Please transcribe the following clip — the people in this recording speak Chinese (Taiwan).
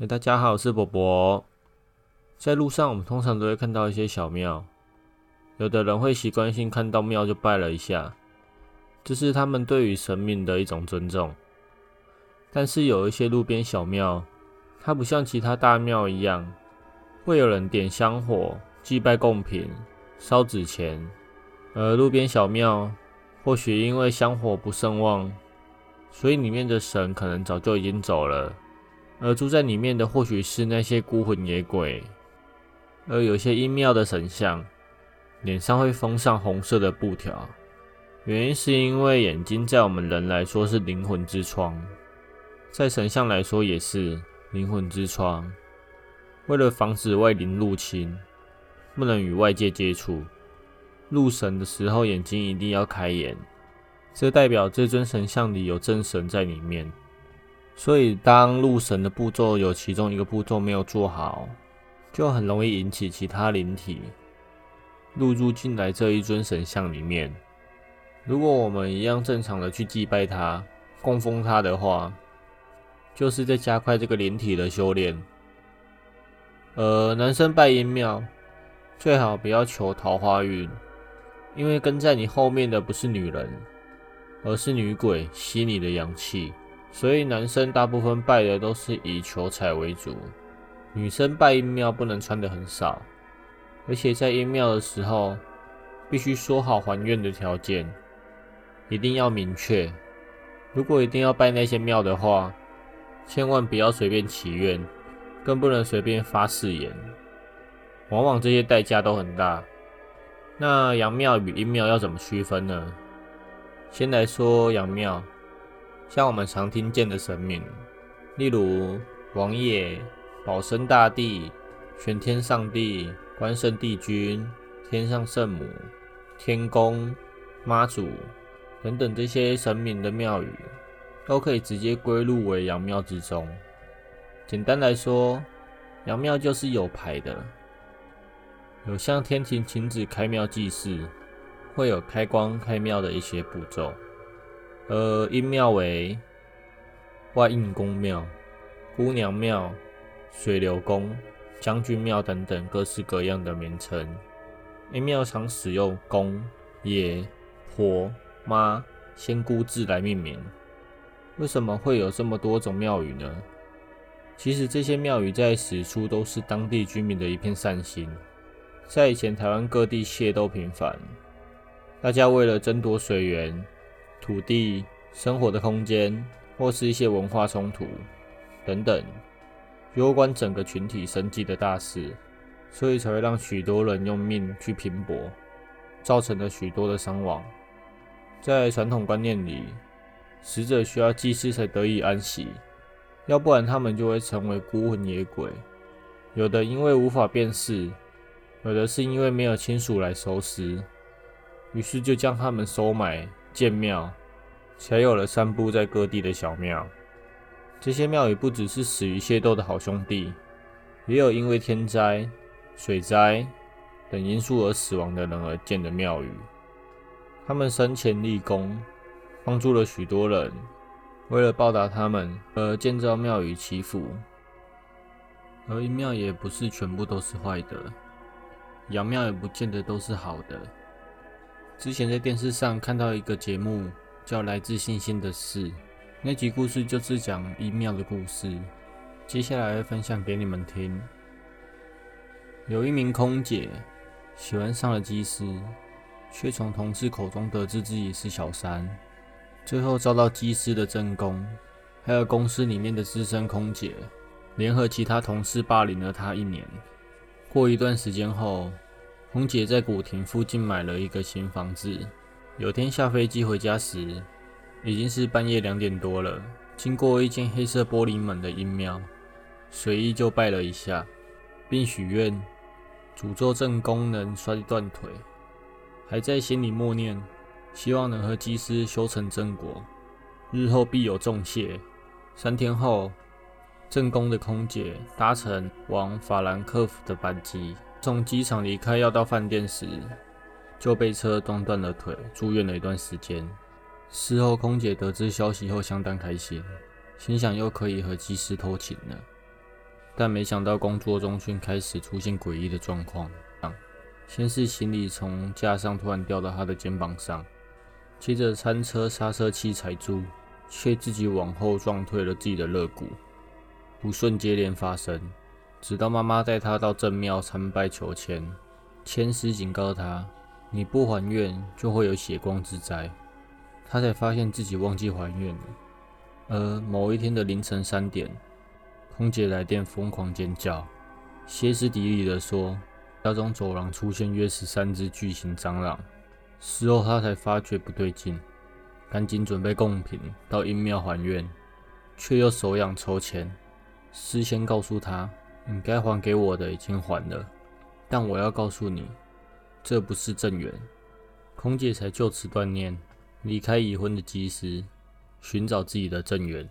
欸，大家好，我是伯伯。在路上，我們通常都會看到一些小廟，有的人會習慣性看到廟就拜了一下，這是他們對於神明的一種尊重。但是有一些路邊小廟，它不像其他大廟一樣，會有人點香火、祭拜供品、燒紙錢，而路邊小廟或許因為香火不甚旺，所以裡面的神可能早就已經走了。而住在裡面的，或許是那些孤魂野鬼，而有些陰廟的神像，臉上會封上紅色的布條，原因是因為眼睛在我們人來說是靈魂之窗，在神像來說也是靈魂之窗。為了防止外靈入侵，不能與外界接觸。入神的時候，眼睛一定要開眼，這代表這尊神像裡有真神在裡面。所以，當入神的步驟有其中一個步驟沒有做好，就很容易引起其他靈體入住進來這一尊神像裡面。如果我們一樣正常的去祭拜它、供奉它的話，就是在加快這個靈體的修煉。呃，男生拜陰廟，最好不要求桃花運，因為跟在你後面的不是女人，而是女鬼吸你的陽氣。所以男生大部分拜的都是以求財為主，女生拜陰廟不能穿得很少，而且在陰廟的時候，必須說好還願的條件，一定要明確。如果一定要拜那些廟的話，千萬不要隨便祈願，更不能隨便發誓言，往往這些代價都很大。那陽廟與陰廟要怎麼區分呢？先來說陽廟。像我們常聽見的神明，例如王爺、保生大帝、玄天上帝、關聖帝君、天上聖母、天公、媽祖等等這些神明的廟宇，都可以直接歸入為陽廟之中。簡單來說，陽廟就是有牌的，有向天庭請旨開廟祭祀，會有開光開廟的一些步驟。呃，陰廟為外應公廟、姑娘廟、水流宮、將軍廟等等各式各樣的名稱。陰廟常使用公、爺、婆、媽、仙姑字來命名。為什麼會有這麼多種廟宇呢？其實這些廟宇在史書都是當地居民的一片善心。在以前台灣各地械鬥頻繁，大家為了爭奪水源。土地、生活的空間，或是一些文化衝突等等，攸關整個群體生計的大事，所以才會讓許多人用命去拼搏，造成了許多的傷亡。在傳統觀念裡，死者需要祭祀才得以安息，要不然他們就會成為孤魂野鬼。有的因為無法辨識，有的是因為沒有親屬來收屍，於是就將他們收埋。建廟，才有了散佈在各地的小廟。這些廟宇不只是死於械鬥的好兄弟，也有因為天災、水災等因素而死亡的人而建的廟宇。他們生前立功，幫助了許多人，為了報答他們而建造廟宇祈福。而陰廟也不是全部都是壞的，陽廟也不見得都是好的。之前在電視上看到一個節目，叫《來自星星的事》，那集故事就是講陰廟的故事。接下來，來分享給你們聽。有一名空姐喜歡上了機師，卻從同事口中得知自己是小三，最後遭到機師的正宮，還有公司裡面的資深空姐聯合其他同事霸凌了她一年。過一段時間後，空姐在古亭附近買了一個新房子。有天下飛機回家時，已經是半夜兩點多了。經過一間黑色玻璃門的陰廟，隨意就拜了一下，並許願詛咒正宮能摔斷腿，還在心裡默念，希望能和機師修成正果，日後必有重謝。三天後，正宮的空姐搭乘往法蘭克福的班機。從機場離開，要到飯店時，就被車撞斷了腿，住院了一段時間。事後，空姐得知消息後相當開心，心想又可以和機師偷情了。但沒想到工作中卻開始出現詭異的狀況：先是行李從架上突然掉到他的肩膀上，接着餐車剎車器踩住，卻自己往後撞退了自己的肋骨，不順接連發生。直到媽媽帶他到正廟參拜求籤，籤詩警告他：“你不還願，就會有血光之災。”他才發現自己忘記還願了。而某一天的凌晨三點，空姐來電，瘋狂尖叫，歇斯底里的說：“家中走廊出現約十三隻巨型蟑螂。”事後他才發覺不對勁，趕緊準備供品到陰廟還願，却又手癢抽籤，事先告訴他。你該還給我的已經還了，但我要告訴你，這不是正緣。空姐才就此斷念，離開已婚的機師，尋找自己的正緣。